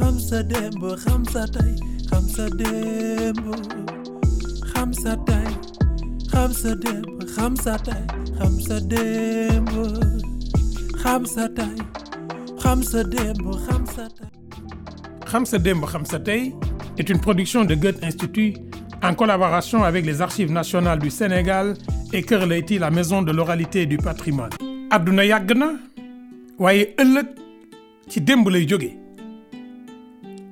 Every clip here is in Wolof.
xam sa démb xam sa tey xam xam sa tey une production de Goethe Institut en collaboration avec les Archives nationales du Sénégal et Kër Leyti la maison de l'oralité et du patrimoine. àdduna yàgg na waaye ëllëg ci démb lay jóge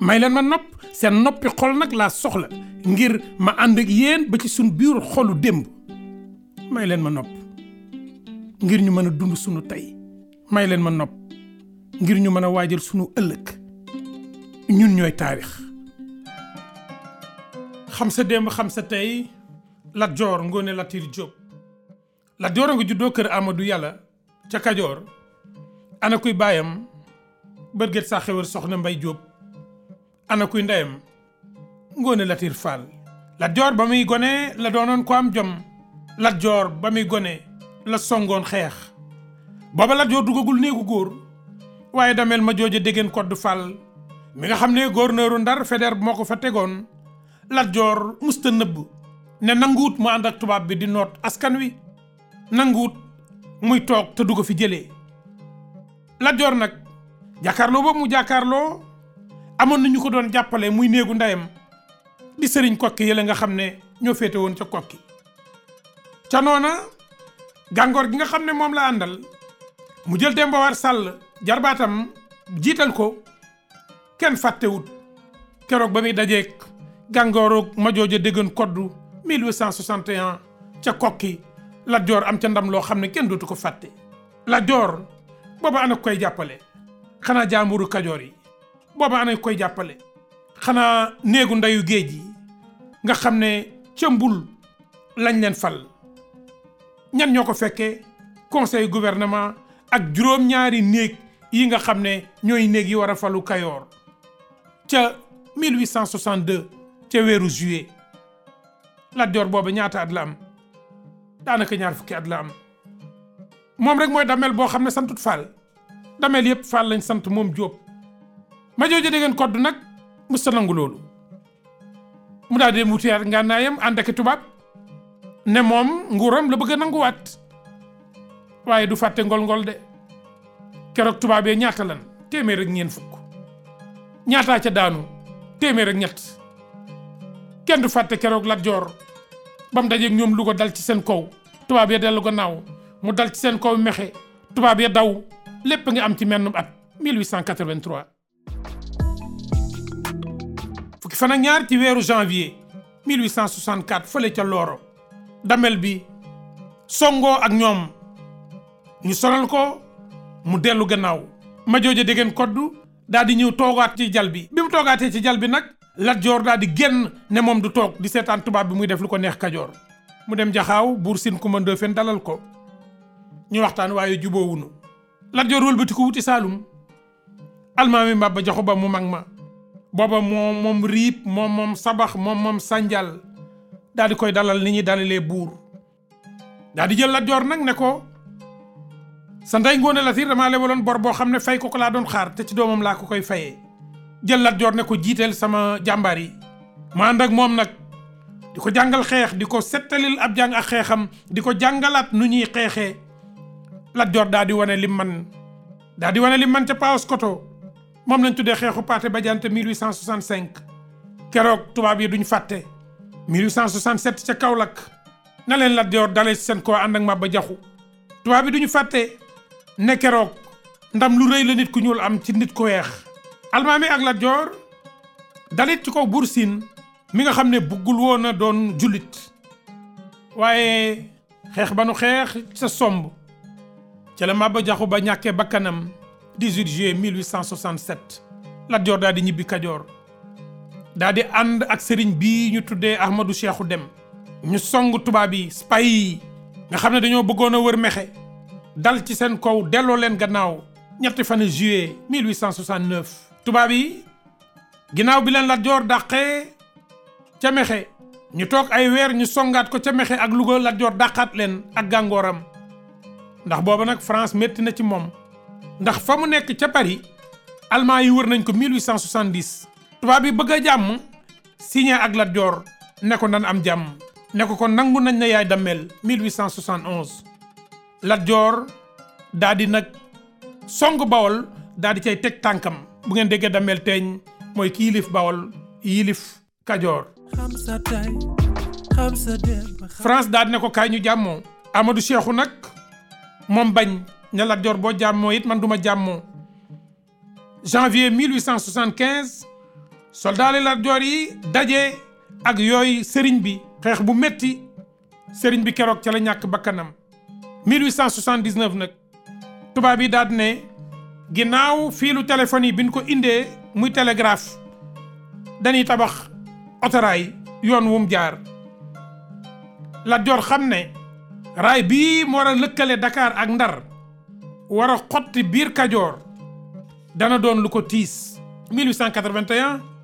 may leen ma nopp seen noppi xol nag laa soxla ngir ma ànd ak yéen ba ci suñ biir xolu démb may leen ma nopp ngir ñu mën a dund suñu tey may leen ma nopp ngir ñu mën a waajal suñu ëllëg ñun ñooy taarix xam sa démb xam sa tey Lat Joor Ngoone Latiir Jóob Lat Joor a nga juddoo kër Amadou Yàlla ca Kajoor ana kuy baayam bërgët saa xewar soxna Mbay Jóob ana kuy ndeyam Ngoone Latir Fall Lat Joor ba muy gone la doonoon ko am jom Lat Joor ba muy gone la songoon xeex booba Lat Joor dugagul néegu góor waaye dameel ma jooje déggeen Kodd Fall mi nga xam ne góor gouverneur Ndar Faidherbe moo ko fa tegoon Lat Joor musta nëbb ne nanguwut mu ànd ak tubaab bi di noot askan wi nanguwut muy toog te du ko fi jëlee Lat Joor nag jàkkaarloo boobu mu jàkkaarloo amoon na ñu ko doon jàppale muy néegu ndeyam di sëriñ kokki yële nga xam ne ñoo féete woon ca kokki ca noona gàngoor gi nga xam ne moom la àndal mu jël Demba War Sàll jarbaatam jiital ko kenn fàttewut keroog ba muy dajeeg gàngooroog ma jooja déggoon koddu 1861 ca kokki Lat Joor am ca ndam loo xam ne kenn dootu ko fàtte Lat Joor booba anak koy jàppale xanaa jaamburu kajoor yi booba ana koy jàppale xanaa néegu ndeyu géej yi nga xam ne ca mbul lañ leen fal ñan ñoo ko fekkee conseil gouvernement ak juróom-ñaari néeg yi nga xam ne ñooy néeg yi war a falu Kayoor ca 1862 ca weeru juillet Lat Joor booba ñaata at daanaka ñaar fukki at la moom rek mooy damel boo xam ne santut Fall damel yëpp Fall lañ sant moom Jóob ma jooju ngeen koddu nag musta nangu loolu mu daal di dem wuti ngànnaayam ànd ak tubaab ne moom nguuram la bëgg a nanguwaat waaye du fàtte ngol-ngol de keroog tubaab yee ñaata lan téeméer ak ñeent fukk ñaataa ca daanu téeméer ak ñett kenn du fàtte keroog Lat Joor ba mu dajeeg ñoom lu ko dal ci seen kaw tubaab ya dellu gannaaw mu dal ci seen kaw mexe tubaab ya daw lépp nga am ci mennum at 1883. fukki fan ak ñaar ci weeru janvier 1864 fële ca Looro damel bi songoo ak ñoom ñu sonal ko mu dellu gannaaw ma jooja dégeen koddu daal di ñëw toogaat ci jal bi bi mu toogaatee ci jal bi nag Lat Joor daal di génn ne moom du toog di seetaan tubaab bi muy def lu ko neex Kajoor mu dem jaxaaw buur Sine Kumba Ndoofeen dalal ko ñu waxtaan waaye juboowunu Lat Joor wëlbatiku wuti Saalum almaami Maba Jaxu Ba mu mag ma booba moom moom riib moom moom sabax moom moom sànjal daal di koy dalal ni ñuy dalalee buur daal di jël Lat Joor nag ne ko sa ndey Ngoone Latiir damaa lebaloon bor boo xam ne fay ko ko laa doon xaar te ci doomam laa ko koy fayee jël Lat Joor ne ko jiiteel sama jàmbaar yi ma ànd moom nag di ko jàngal xeex di ko settalil ab jàng ak xeexam di ko jàngalaat nu ñuy xeexee Lat Joor daa di wane lim man daa di wane lim man ca Paoskoto moom lañ tuddee xeexu Paate Badiante 1865 keroog tubaab yi duñ fàtte 1867 ca Kaolack na leen Lat Joor dalee seen koo ànd ak Maba Jaxu tubaab yi duñu fàtte ne keroog ndam lu rëy la nit ku ñuul am ci nit ku weex almaami ak Lat Joor dalit ci kaw Buur Siin mi nga xam ne buggul woon a doon jullit waaye xeex ba nu xeex sa somb ca la Jaxu ba ñàkkee bakkanam 18 juillet 1867 Lat Joor daal di ñibbi Kajoor daal di ànd ak sëriñ bi ñu tuddee Ahmadou Cheikhou Dem ñu song tubaab yi spay nga xam ne dañoo bëggoon a wër mexe dal ci seen kaw delloo leen gannaaw ñetti fani juillet 1869 tubaab yi ginnaaw bi leen Lat Joor dàqee ca mexe ñu toog ay weer ñu songaat ko ca mexe ak Louga Lat Joor dàqaat leen ak gàngooram ndax booba nag France métti na ci moom ndax fa mu nekk ca Paris allemand yi wër nañ ko 1870 tubaab yi bëgg a jàmm signé ak Lat Joor ne nan am jàmm ne ko kon nangu nañ na yaay dammel 1871 Lat Joor daa di nag song bawol daa di cay teg tànkam bu ngeen déggee dammel teeñ mooy ki yilif bawol yilif kajoor France daa di ko kaay ñu jàmmoo Amadou Cheikhou nag moom bañ ne Lat boo jàmmoo it man du ma jàmmoo janvier 1875 soldaali Lat Joor yi daje ak yooyu sëriñ bi xeex bu metti sëriñ bi keroog ca la ñàkk bakkanam 1879 nag tubaab yi daal ne ginnaaw fiilu téléphone yi bi ñu ko indee muy télégraphe dañuy tabax autorail yoon wum jaar Lat Joor xam ne raay bii moo war a lëkkale dakaar ak Ndar war xotti biir kajoor dana doon lu ko tiis 1881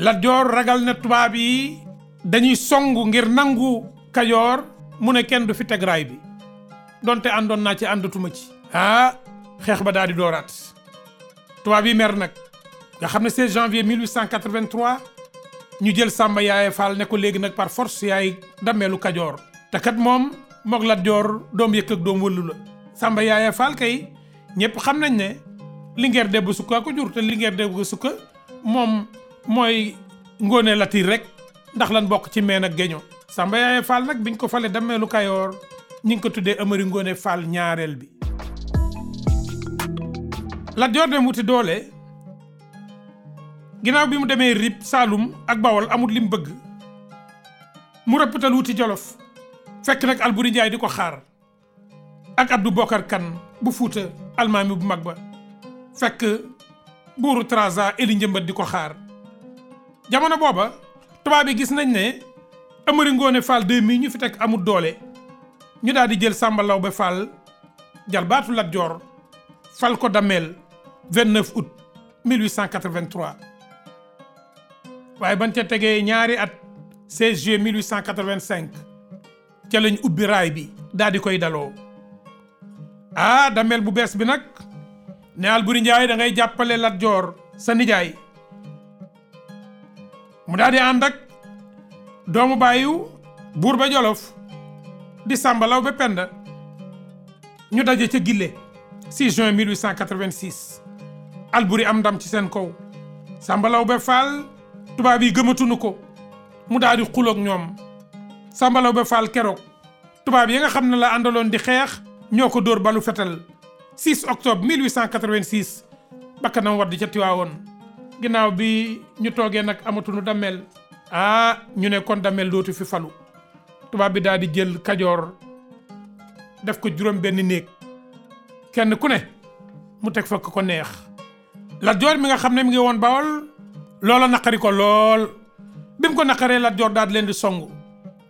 Lat Joor ragal na tubaab yi dañuy songu ngir nangu kajoor mu ne kenn du fi tegraay bi donte àndoon naa ci àndatuma ci ah xeex ba daal di dooraat tubaab yi mer nag nga xam ne 16 janvier 1883 ñu jël Samba Yaaye Fall ne ko léegi nag par force yaay dammeelu kajoor te kat moom moog Lat Joor doom yëkk ak doom wëllu la Samba Yaaya Fall kay ñëpp xam nañ ne Linguère Debba Sukka ko jur te Linguère Debba Sukka moom mooy Ngoone Latiir rek ndax lan bokk ci meen ak geño Samba Yaaya Fall nag biñ ko fale dameelu Kayoor ñi ngi ko tuddee Amari Ngoone Fall ñaareel bi Lat Joor dem wuti doole ginnaaw bi mu demee Rip Saalum ak Bawol amul lim bëgg mu rëppatal wuti Jolof fekk nag Alburi Njaay di ko xaar ak Abdou Bokar Kane bu Fuuta almaami bu mag ba fekk buuru Trasa Eli Njëmbat di ko xaar jamono booba tubaab bi gis nañ ne Amari Ngoone Fall 2000 ñu fi teg amul doole ñu daal di jël Samba Laobé Fall jarbaatu Lat Joor fal ko Damel 29 août waaye ban ca tegee ñaari at 16 juillet 1885 ca lañ ubbi raay bi daal di koy daloo. ah damel bu bees bi nag ne Alburi Njaay da jàppale Lat Joor sa nijaay mu daal di ànd ak doomu bàyyiw buur ba Jolof di sàmbalaw ba penda ñu daje ca Gille 6 juin 1886 Alburi am ndam ci seen kaw sàmbalaw ba faal tubaab yi gëmatunu ko mu daal di xuloog ñoom sàmbalaw ba faal keroog tubaab yi nga xam ne la àndaloon di xeex ñoo ko dóor balu fetal 6 octobre 1886 bakkanam wadd ca Tiwaawoon ginnaaw bi ñu toogee nag amatuñu dammel ah ñu ne kon dammel dootu fi falu tubaab bi daal di jël kajoor def ko juróom benn néeg kenn ku ne mu teg fa ko neex Lat Joor mi nga xam ne mi ngi woon Bawol loola naqari ko lool bi mu ko naqaree Lat Joor daal di leen di song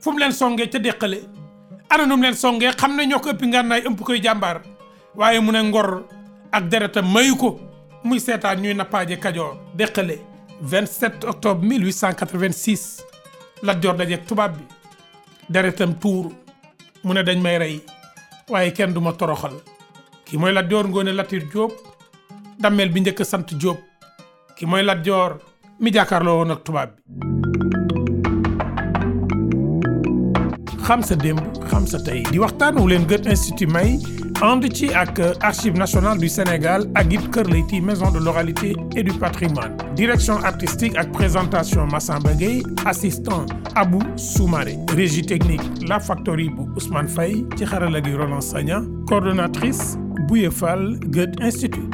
fu mu leen songee ca déqale ana num leen songee xam ne ñoo ko ëppi ngànnaay ëmp koy jàmbaar waaye mu ne ngor ak deretam mayu ko muy seetaan ñuy nappaaje Kajoor déqale 27 octobre 1886 Lat Joor dajeeg tubaab bi deretam tuur mu ne dañ may rey waaye kenn du ma toroxal ki mooy Lat Joor Ngoone Latiir Jóob dammeel bi njëkk sant Jóob ki mooy Lat Joor mi jàkkaarloo woon ak tubaab bi xam sa démb xam sa tey di waxtaan wu leen Goethe Institut may ànd ci ak Archives nationales du Sénégal ak it Kër Leyti maison de l'oralité et du patrimoine direction artistique ak présentation Massamba Gueye assistant abu Soumaré régie technique La Factory bu fay Faye ci xarala gi Roland Sagna coordonnatrice Bouye Fall Institut